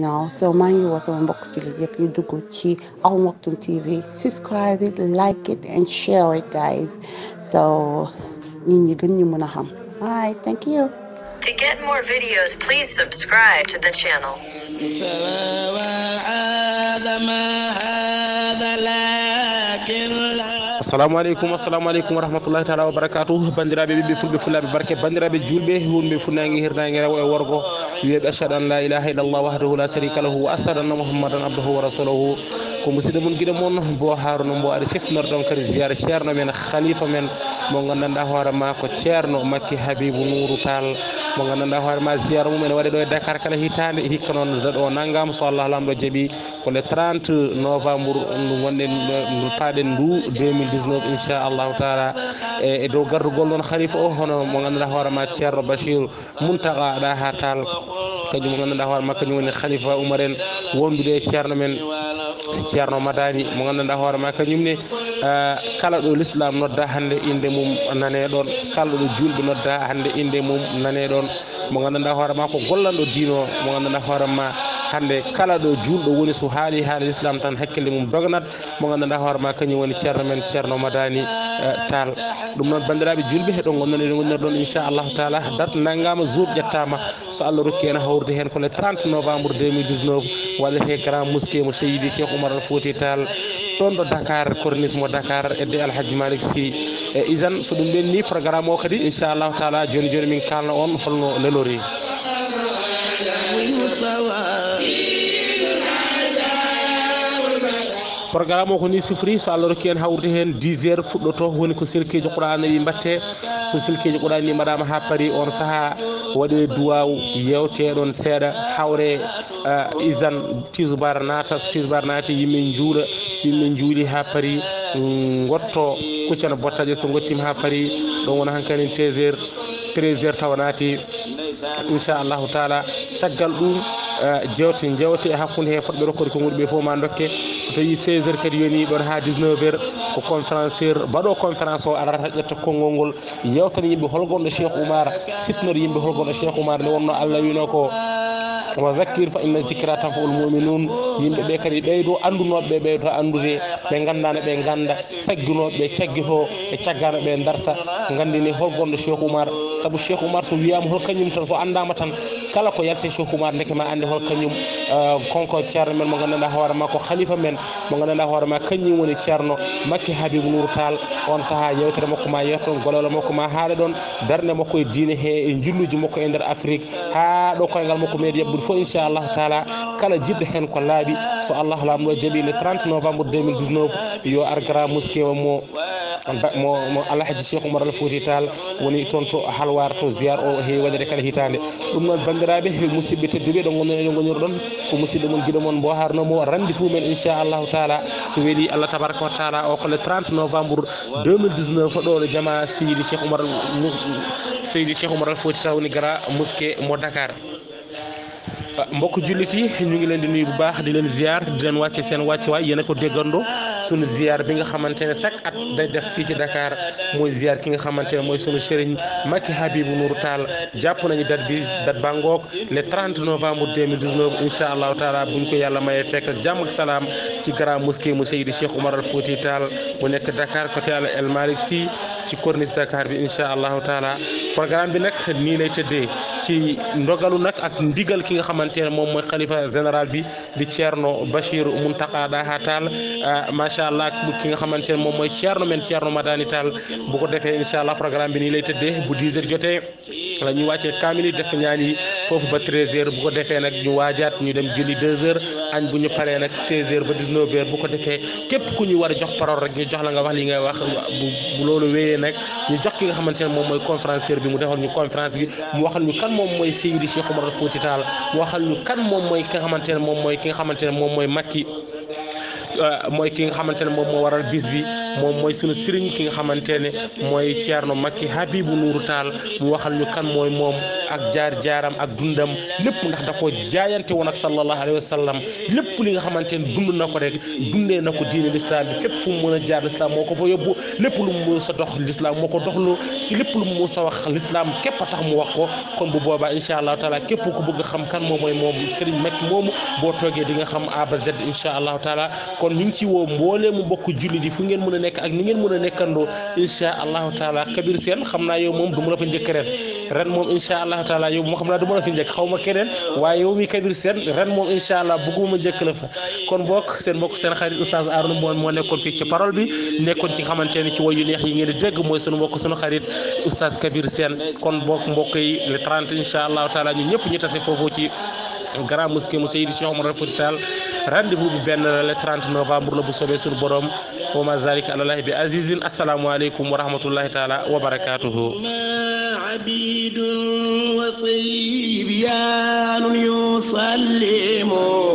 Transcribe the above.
know. so you ngi woo sama mbokk jullit yëpp ñu Gucci? i Awa Makhtoum TV subscribe it like it and share it guys so nit ñi thank you to get more videos please subscribe to the channel assalamu aleykum assalamu aleykum wa rahmatullahi taala wa barakatuh bandiraɓe ɓiɓɓe fulɓe fullaɓe barke bandiraɓe julɓe wonɓe funnangue hirnangue rewo e worgo wiyaɓe achhadu an la ilaha illallah wahdahu la sharika lahu wa ashadu anna mouhammadan abdahu wa rasulahu ko musidɗo mon guiɗa moon bo haruna mbo aɗa fiftinorɗon kadi ziyara ceerno men khalifa men mo gandanɗa hoorema ko ceerno makki habibou nouro tall mo gandanɗa hoorema ziyara mum ene waɗe ɗo e dakar kala hitande hikka noon daɗo naggam so allah alamɗo jaaɓi ko le 30 novembre gonɗen paɗen ndu 2019 inchallahu taala e, e dow gardugol noon halifa o hono mo gandanɗa hoorema ceerno bachir muntaka aɗa ha taal kañum mo gandanɗa hoorema kañum woni halifa oumar en wonndude e ceerno men ceerno madani mo gandanɗa hoorema kañumne Eh, kala ɗo l'islam nodda hande inde mum nane ɗon kala ɗo julɓe nodda hande inde mum nane ɗon mo gandanɗa hoorema ko gollanɗo diino mo gandanɗa hoorema hande kala ɗo julɗo woni so haali haali l'islam tan hakkille mum doganat mo gandanɗa hoorema kañum woni ceerno men ceerno madani eh, taal ɗum noon bandiraɓe julɓe heɗo gonnon ene gonnir ɗon inchallahu taala date naggama jour ƴettama so allah rokki ene hawrude hen kole 30 novembre 2019 waɗete grand mosqué mo cheyidi cheikh oumar al foti taal toon ɗo dakar cornisme dakar edde alhaji malik sy e isane so ɗum ɓenni programme o kadi inchallahu taala joni joni min kalno on holno lelori programme o ko ni sifori so allah rokki en hawrude hen 10 heures fuɗɗoto woni ko silkeji qurana ɗi mbatte so silkeji qurana ɗi mbaɗama ha paari on saaha waɗe duwa yewteɗon seeɗa hawre uh, isan tisbar naata so tisbar naati yimmin juuɗa so yimmin juuɗi ha paari mm, gotto kuccano bottaje so gottima ha paari ɗon wona hankkadi 13 heures 13 heures tawa naati inchallahu taala caggal ɗum Eh, jewte jewte e hakkude he foɗɓe rokkude konnguɗi ɓe fof ma dokke so tawi 16 heures kadi yoni ɗon ha 19 heures ko conférenceur mbaɗo conférence o arata ƴetta konngol ngol yewtan yimɓe holgonɗo cheikh oumar siftanoɗo yimɓe holgonɗo cheikh oumar nde wonno allah wino ko wa zakir fa inna zicra tanfaul muminun yimɓe ɓe kadi ɓeydo andunoɓeɓe ɓeydoto andude ɓe gandano ɓe ganda sagginoɓeɓe cagguito e caggano ɓe darsa gandini holgonɗo cheikh oumar saabu cheikh oumar so wiyama hol kañum tan so andama tan kala ko yalte cheikh oumar deke ma andi hol kañum konko ceerno men mo gandanɗa hoore ma ko khalifa men mo gandanɗa hoore ma kañum woni ceerno makke habib nour tall on saaha yewtere makko ma yewte ɗon golole makko ma haale ɗon darde makko e diine he e jilluji makko e nder afrique ha ɗo koyngal makko meɗi yaɓɓude goɗɗum fof inchallahu taala kala jiɗɗo hen ko laaɓi so allah laamuɗo jaaɓi le 30 novembre 2019 yo ar gara muskewa mo mo mo alhaji cheikh oumar al fouti tall woni toon to halwar to ziyar o heewi waɗede kala hitande ɗum noon bandiraɓe musidɓe tedduɓe ɗo gonɗon eɗo gonir ɗon ko musidɗo moon guiɗo moon bo harnomo randitu men inchallahu taala so weeli allah tabaraka wa taala o ko le 30 novembre 2019 ɗo ɗo jama seydi cheikh oumar seydi cheikh oumar al fouti tall woni gara muske mo dakar mbokk jullit yi ñu ngi leen di nuyu bu baax di leen ziar di leen wàcce seen wàcce waay yéen a ko déggandoo sunu ziar bi nga xamantene ne at day def fi ci Dakar moy ziar ki nga xamantene moy sunu serigne macky habib Nour Tall jàpp nañu dat bi dat bangok le 30 novembre 2019 inshallah taala buñ ko yàlla maye fekk ak jàmm ak salam ci grand mosquée mu Seydi Cheikh omar Al Fouti Tall bu nek Dakar côté àll El malik si ci corniche Dakar bi inshallah taala programme bi nag ni lay teddé ci ndogalu nak ak ndigal ki nga xamantene mom moy khalifa général bi di Thierno Bachir Mountakha Daha ma macha allah ki nga xamante ne moom mooy Thierno men Thierno Madani Tall bu ko defee incha allah programme bi nii lay tëddee bu 10 heures jotee la ñuy wàccee kaamil yi def foofu ba 13 heures bu ko defee nag ñu waajaat ñu dem julli 2 heures bu ñu paree nag 16 heures ba 19 ko defee képp ku ñu war a jox parole rek jox la nga wax li ngay wax bu loolu wéyee nag ñu jox ki xamante ne moom mooy conférencier bi mu defal ñu conférence bi mu waxal ñu kan moom mooy Seydi Cheikh Oumar Fouti Tall mu waxal ñu kan moom mooy ki nga xamante ne moom mooy ki nga xamante ne moom mooy Macky Euh, mooy ki nga xamante ne moom moo waral bis bi moom mooy sunu sëriñ ki nga xamante ne mooy Thierno Makki Habibu Nuuru Taal mu waxal ñu kan mooy moom. ak jaar jaaram ak dundam lépp ndax da ko jaayante woon ak sallallahu alayhi wa sallam lépp li nga xamante ne dund na ko rek dundee na ko diine lislaam bi képp fu mu mën a jaar lislaam moo ko fa yóbbu lépp lu mu mën sa dox lislaam moo ko doxlu lépp lu mu mën sa wax lislaam képp tax mu wax ko kon bu boobaa incha allah taala képp ku bëgg xam kan moom mooy moom Serigne Mekki moomu boo toogee di nga xam A ba Z incha allah taala kon ñu ngi ci woo mboolee mu bokk jullit yi fu ngeen mën a nekk ak ni ngeen mën a nekk incha allah taala kabir xam naa yow moom du mu la fa njëkk ren mom incha allah taala yow mo xam naa du ma la fi njëkk xawma keneen waaye yow mi Kabir sen ren mom incha allah bëgguma njëkk la fa kon bok sen bok sen xarit oustaz Arouna Mbongue mo nekkon fi ci parole bi nekkon ci xamanteni ci wayu neex yi ngeen di dégg moy sunu mbokk sunu xarit oustaz Kabir sen kon bok mbokk yi le 30 incha allah taala ñun ñëpp ñu tassé fofu ci. grand mosquée mu Seydi Cheikh Omar Foutiyou Tall rendez-vous bi ben le 30 novembre la bu sobe sur borom wa ma zalika alallahi bi azizin assalamu alaykum wa rahmatullahi taala wa barakatuh عبيد وصبيان يصلمون